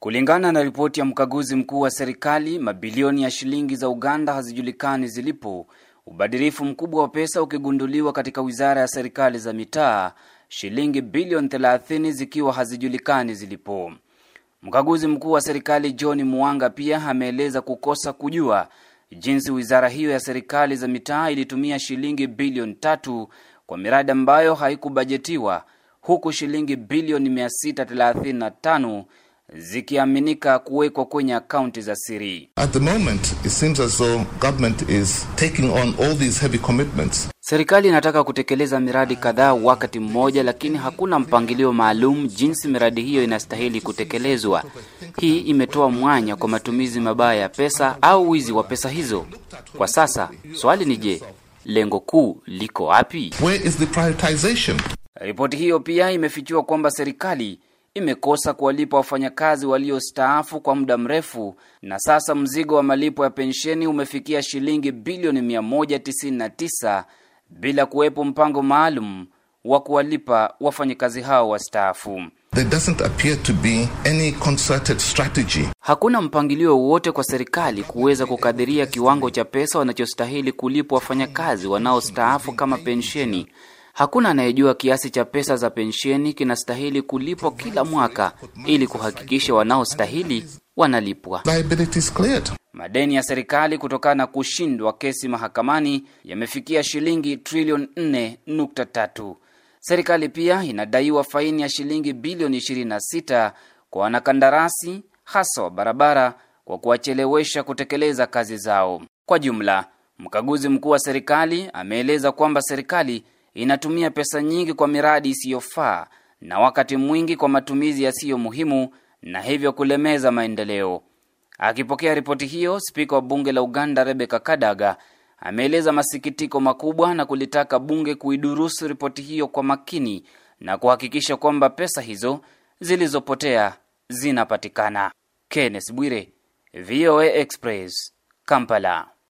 Kulingana na ripoti ya mkaguzi mkuu wa serikali, mabilioni ya shilingi za Uganda hazijulikani zilipo, ubadhirifu mkubwa wa pesa ukigunduliwa katika wizara ya serikali za mitaa, shilingi bilioni 30 zikiwa hazijulikani zilipo. Mkaguzi mkuu wa serikali John mwanga pia ameeleza kukosa kujua jinsi wizara hiyo ya serikali za mitaa ilitumia shilingi bilioni tatu kwa miradi ambayo haikubajetiwa huku shilingi bilioni 635 zikiaminika kuwekwa kwenye akaunti za siri. At the moment it seems as though government is taking on all these heavy commitments. Serikali inataka kutekeleza miradi kadhaa wakati mmoja, lakini hakuna mpangilio maalum jinsi miradi hiyo inastahili kutekelezwa. Hii imetoa mwanya kwa matumizi mabaya ya pesa au wizi wa pesa hizo. Kwa sasa swali ni je, lengo kuu liko wapi? Where is the prioritization? Ripoti hiyo pia imefichua kwamba serikali imekosa kuwalipa wafanyakazi waliostaafu kwa muda mrefu na sasa mzigo wa malipo ya pensheni umefikia shilingi bilioni 199 bila kuwepo mpango maalum wa kuwalipa wafanyakazi hao wastaafu. There doesn't appear to be any concerted strategy. Hakuna mpangilio wowote kwa serikali kuweza kukadiria kiwango cha pesa wanachostahili kulipwa wafanyakazi wanaostaafu kama pensheni Hakuna anayejua kiasi cha pesa za pensheni kinastahili kulipwa kila mwaka ili kuhakikisha wanaostahili wanalipwa. Madeni ya serikali kutokana na kushindwa kesi mahakamani yamefikia shilingi trilioni 4.3. Serikali pia inadaiwa faini ya shilingi bilioni 26 kwa wanakandarasi hasa wa barabara kwa kuwachelewesha kutekeleza kazi zao. Kwa jumla, mkaguzi mkuu wa serikali ameeleza kwamba serikali inatumia pesa nyingi kwa miradi isiyofaa na wakati mwingi kwa matumizi yasiyo muhimu na hivyo kulemeza maendeleo. Akipokea ripoti hiyo, spika wa bunge la Uganda rebeka Kadaga ameeleza masikitiko makubwa na kulitaka bunge kuidurusu ripoti hiyo kwa makini na kuhakikisha kwamba pesa hizo zilizopotea zinapatikana. Kenneth Bwire, VOA Express, Kampala.